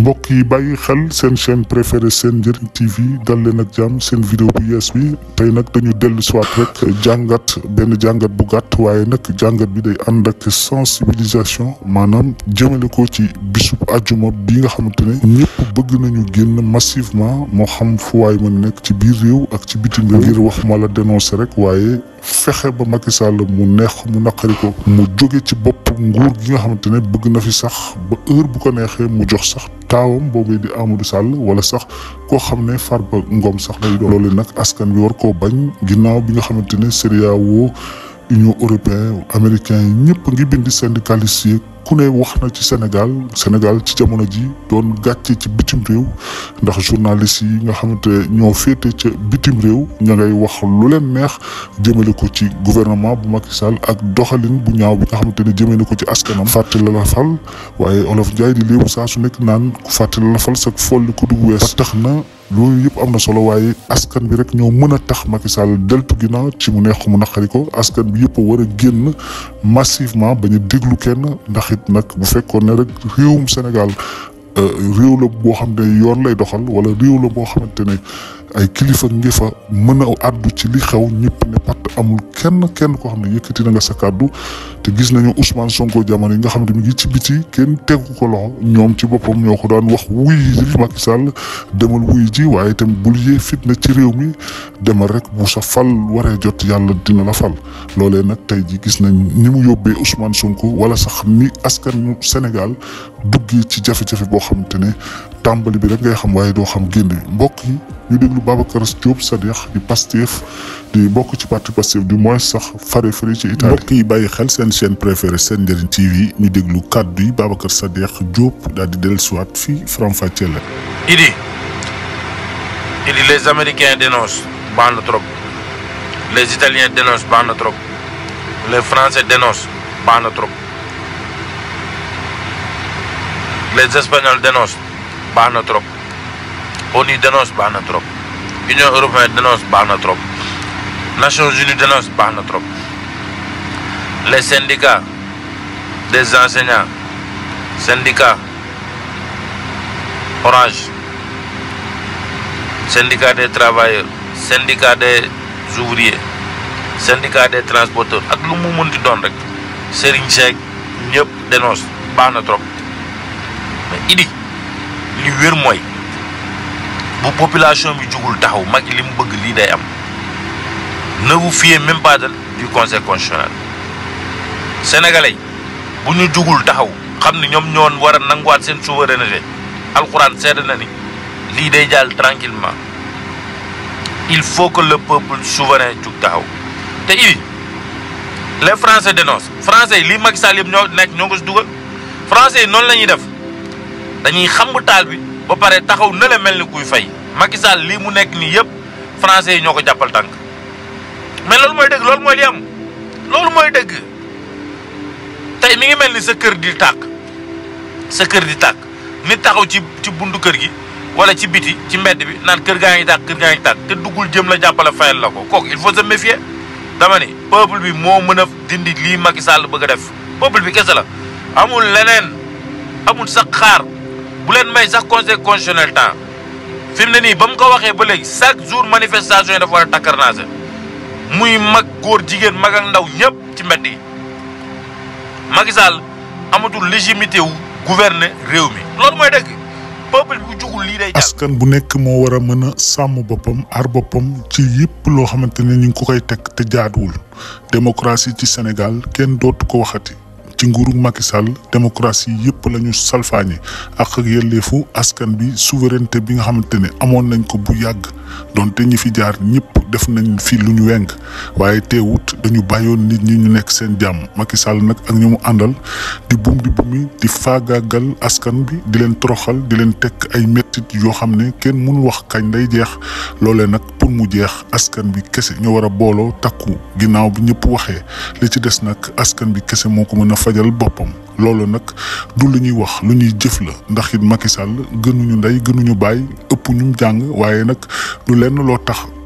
mbokk yi bàyyi xel seen chaîne préférée seen njëriñ TV dal leen ak jàmm seen vidéo bu yees bi tey nag dañu dellu si rek jàngat benn jàngat bu gàtt waaye nag jàngat bi day ànd ak sensibilisation maanaam jëmale ko ci bisub ajuma bi nga xamante ne bëgg nañu génn massivement moo xam fu waay mën nekk ci biir réew ak ci bitim ngir wax ma la dénoncer rek waaye fexe ba Macky Sall mu neex mu naqari ko mu jóge ci bopp nguur gi nga xamante ne bëgg na fi sax ba heure bu ko neexee mu jox sax taawam boobu di Amadou Sall wala sax koo xam ne Farba Ngom sax lay doon loolu nag askan wi war koo bañ ginnaaw bi nga xamante ne CEDEAO Union européenne américain yi ñëpp ngi bind syndicaliste ku ne wax na ci Sénégal Sénégal ci jamono ji doon gàcce ci bitim réew ndax journaliste yi nga xamante ñoo féete ci bitim réew ña ngay wax lu leen neex jëmale ko ci gouvernement bu Macky Sall ak doxalin bu ñaaw bu nga xamante ne jëmee na ko ci askanam. fàtte la la fal waaye Olof Ndiaye di léebu saa nekk naan ku fàtte la la fal sax folli ko dugg wees tax na. loolu yëpp am na solo waaye askan bi rek ñoo mën a tax Macky Sall deltu na ci mu neex mu naqari ko askan bi yëpp a war a génn massivement bañ a déglu kenn ndax it nag bu fekkoon ne rek réewum Sénégal euh, réew la boo xam ne yoon lay doxal wala réew la boo xamante ne. ay kilifa ngi fa mën a àddu ci li xew ñëpp ne pat amul kenn kenn koo xam ne yëkkati na nga sa kàddu te gis nañu Ousmane Sonko jamono yi nga xam ne mi ngi ci biti kenn tegu ko loxo ñoom ci boppam ñoo ko daan wax wuy ji Macky Sall demal wuy ji waaye itam bul yee fitna ci réew mi demal rek bu sa fal waree jot yàlla dina la fal loolee nag tey ji gis nañ ni mu yóbbee Ousmane sonk wala sax ni askan Sénégal duggee ci jafejafe jafe boo xamante ne tàmbali bi rek ngay xam waaye doo xam génne mbokk yi ñu déglu Babacar Diop Sadikh di Pastef di bokk ci parti Pastef du moins sax fare fare ci Italie. mbokk xel seen seen njëriñ TV ñu déglu kàddu yi Babacar Sadikh Diop daal di dellusiwaat fii Faram Facce la. Idi Idi les Américains dénoncent bande trop les Italiens dénoncent bande trop les Français dénoncent bande trop. les espagnols dénoncent baax na trop ONU dénonce baax na trop Union européenne dénonce baax na trop Nations Unies dénonce baax na trop les syndicats des enseignants syndicat Orange syndicat des travailleurs syndicat des ouvriers syndicat des transporteurs ak lu mu mënti doon rek Serigne Seck ñëpp dénonce baax na trop idi li wër moy bu population bi jugul taxaw mak li mu bëgg lii day am ne vous fiez même pas du conseil constitutionnel sénégalais bu ñu jugul taxaw xamni ñom ñoon wara nanguat sen souveraineté alcorane seede na ni li day jall tranquillement il faut que le peuple souverain jug taxaw té i les français dénoncent français li lii Macky Sall ñoo nekk ñoo ko si dugal français non noonu la def dañuy xam bu taal bi ba pare taxaw na mel ni kuy fay Macky Sall lii mu nekk nii yëpp français yi ñoo ko jàppal tànk mais loolu mooy dëgg loolu mooy li am loolu mooy dégg tey mi ngi mel ni sa kër di tàkk sa kër di tàkk nit taxaw ci ci buntu kër gi wala ci biti ci mbedd bi naan kër gaa ngi tàkk kër gaa ngi tàkk te duggul jëm la jàppale fayal la ko kooku il faut se méfier dama ni peuple bi moo mën a dindi lii Macky Sall bëgg a def peuple bi kese la amul leneen amul sa bu leen may sax conseil constitutionnel temps fi mu ne nii ba mu ko waxee ba léegi chaque jour manifestation yi dafa war a takkarnaase muy mag góor jigéen mag ak ndaw ñëpp ci mbedd yi Macky amatul légitimité wu gouverner réew mi loolu mooy dëgg peuple bu jugul lii day askan bu nekk moo war a mën a sàmm boppam aar boppam ci yëpp loo xamante ne ñu ko koy teg te jaaduwul démocratie ci Sénégal kenn dootu ko waxati ci nguurug Macky Sall démocratie yëpp la ñu salfaañe ak ak yelleefu askan bi souveraineté bi nga xamante ne amoon nañ ko bu yàgg donte ñi fi jaar ñëpp def nañ fi lu ñu weng waaye teewut dañu bàyyoon nit ñi ñu nekk seen jàmm Macky Sall nag ak ñi mu àndal di bum di bumi di faagaagal askan bi di leen toroxal di leen tekk ay mettit yoo xam ne kenn mënul wax kañ day jeex loolee nag pour mu jeex askan bi kese ñoo war a booloo takku ginnaaw bi ñëpp waxee li ci des nag askan bi kese moo ko mën a fajal boppam loolu nag du lu ñuy wax lu ñuy jëf la ndax it Macky Sall gënuñu ndey gënuñu bàyyi ëpp ñu jàng waaye nag du lenn loo tax